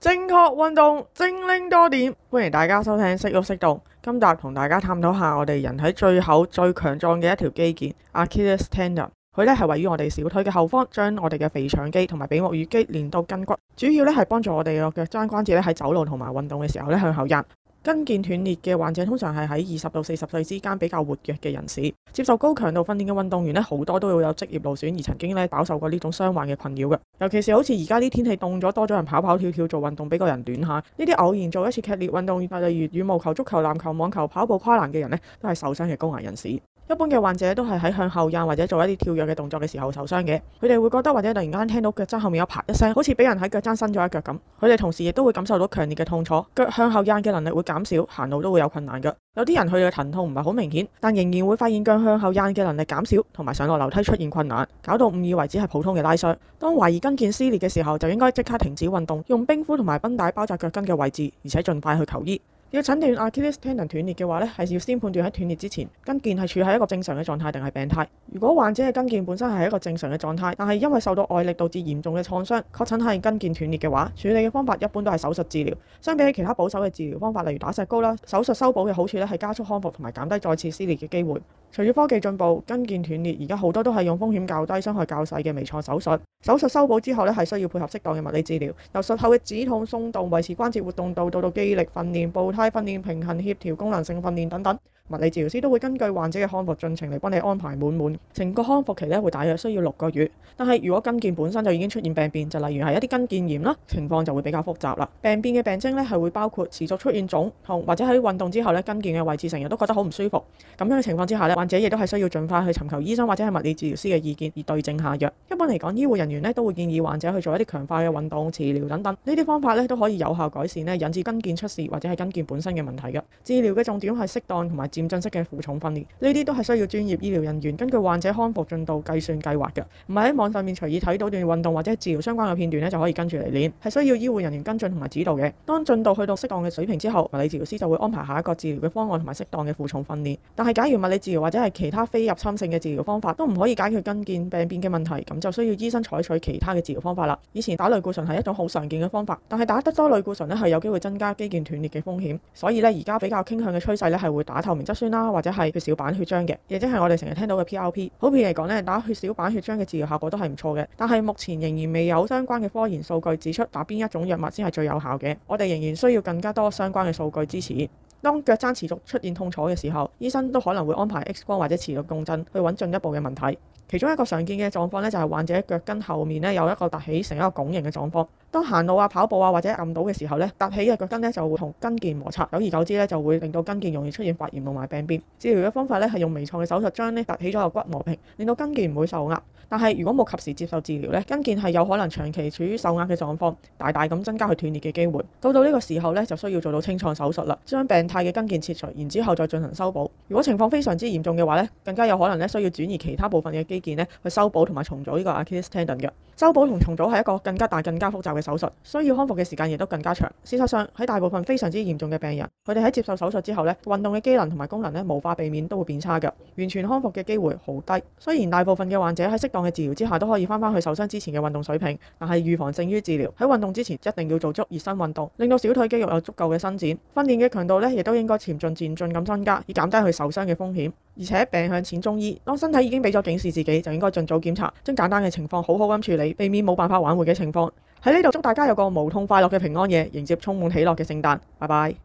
正確運動，精靈多點。歡迎大家收聽《識郁適動》。今集同大家探討下我哋人體最厚最強壯嘅一條肌腱 Achilles tendon 佢咧係位於我哋小腿嘅後方，將我哋嘅腓腸肌同埋比目魚肌連到跟骨，主要咧係幫助我哋個腳踭關節咧喺走路同埋運動嘅時候咧向後壓。跟腱斷裂嘅患者通常係喺二十到四十歲之間比較活躍嘅人士，接受高強度訓練嘅運動員咧，好多都會有職業勞損，而曾經呢飽受，受過呢種傷患嘅困擾嘅。尤其是好似而家啲天氣凍咗，多咗人跑跑跳跳做運動，俾個人斷下。呢啲偶然做一次劇烈運動，例如羽毛球、足球、籃球、網球、跑步、跨欄嘅人呢，都係受傷嘅高危人士。一般嘅患者都係喺向後仰或者做一啲跳躍嘅動作嘅時候受傷嘅，佢哋會覺得或者突然間聽到腳踭後面有啪一聲，好似俾人喺腳踭伸咗一腳咁。佢哋同時亦都會感受到強烈嘅痛楚，腳向後仰嘅能力會減少，行路都會有困難㗎。有啲人佢嘅疼痛唔係好明顯，但仍然會發現腳向後仰嘅能力減少，同埋上落樓梯出現困難，搞到誤以為只係普通嘅拉傷。當懷疑跟腱撕裂嘅時候，就應該即刻停止運動，用冰敷同埋繃帶包紮腳跟嘅位置，而且盡快去求醫。要診斷 Achilles tendon 斷裂嘅話咧，係要先判斷喺斷裂之前，跟腱係處喺一個正常嘅狀態定係病態。如果患者嘅跟腱本身係一個正常嘅狀態，但係因為受到外力導致嚴重嘅創傷，確診係跟腱斷裂嘅話，處理嘅方法一般都係手術治療。相比起其他保守嘅治療方法，例如打石膏啦，手術修補嘅好處咧係加速康復同埋減低再次撕裂嘅機會。隨住科技進步，跟腱斷裂，而家好多都係用風險較低、傷害較細嘅微創手術。手術修補之後呢，係需要配合適當嘅物理治療，由術後嘅止痛、鬆動、維持關節活動度，到到肌力訓練、步態訓練、平衡協調、功能性訓練等等。物理治療師都會根據患者嘅康復進程嚟幫你安排滿滿，成個康復期咧會大約需要六個月。但係如果跟腱本身就已經出現病變，就例如係一啲跟腱炎啦，情況就會比較複雜啦。病變嘅病徵咧係會包括持續出現腫痛，或者喺運動之後咧跟腱嘅位置成日都覺得好唔舒服。咁樣嘅情況之下咧，患者亦都係需要儘快去尋求醫生或者係物理治療師嘅意見而對症下藥。一般嚟講，醫護人員呢，都會建議患者去做一啲強化嘅運動、治療等等，呢啲方法咧都可以有效改善呢引致跟腱出事或者係跟腱本身嘅問題嘅。治療嘅重點係適當同埋，漸進式嘅負重訓練，呢啲都係需要專業醫療人員根據患者康復進度計算計劃嘅，唔係喺網上面隨意睇到段運動或者治療相關嘅片段呢就可以跟住嚟練，係需要醫護人員跟進同埋指導嘅。當進度去到適當嘅水平之後，物理治療師就會安排下一個治療嘅方案同埋適當嘅負重訓練。但係假如物理治療或者係其他非入侵性嘅治療方法都唔可以解決跟腱病變嘅問題，咁就需要醫生採取其他嘅治療方法啦。以前打類固醇係一種好常見嘅方法，但係打得多類固醇呢，係有機會增加肌腱斷裂嘅風險，所以呢，而家比較傾向嘅趨勢呢，係會打透明。質酸啦，或者係血小板血漿嘅，亦即係我哋成日聽到嘅 PRP。普遍嚟講咧，打血小板血漿嘅治療效果都係唔錯嘅。但係目前仍然未有相關嘅科研數據指出打邊一種藥物先係最有效嘅。我哋仍然需要更加多相關嘅數據支持。當腳踭持續出現痛楚嘅時候，醫生都可能會安排 X 光或者磁力共振去揾進一步嘅問題。其中一個常見嘅狀況呢，就係、是、患者腳跟後面呢有一個凸起成一個拱形嘅狀況。當行路啊、跑步啊或者按到嘅時候呢，凸起嘅腳跟呢就會同跟腱摩擦，久而久之呢就會令到跟腱容易出現發炎同埋病變。治療嘅方法呢，係用微創嘅手術將呢凸起咗個骨磨平，令到跟腱唔會受壓。但係如果冇及時接受治療咧，跟腱係有可能長期處於受壓嘅狀況，大大咁增加佢斷裂嘅機會。到到呢個時候咧，就需要做到清創手術啦，將病態嘅跟腱切除，然之後再進行修補。如果情況非常之嚴重嘅話咧，更加有可能咧需要轉移其他部分嘅肌腱咧去修補同埋重組呢個 Achilles tendon。嘅修補同重組係一個更加大、更加複雜嘅手術，需要康復嘅時間亦都更加長。事實上喺大部分非常之嚴重嘅病人，佢哋喺接受手術之後咧，運動嘅機能同埋功能咧無法避免都會變差嘅，完全康復嘅機會好低。雖然大部分嘅患者喺適當嘅治療之下都可以翻翻去受傷之前嘅運動水平，但係預防勝於治療。喺運動之前一定要做足熱身運動，令到小腿肌肉有足夠嘅伸展。訓練嘅強度呢亦都應該漸進漸進咁增加，以減低佢受傷嘅風險。而且病向淺中醫，當身體已經俾咗警示自己，就應該盡早檢查，將簡單嘅情況好好咁處理，避免冇辦法挽回嘅情況。喺呢度祝大家有個無痛快樂嘅平安夜，迎接充滿喜樂嘅聖誕。拜拜。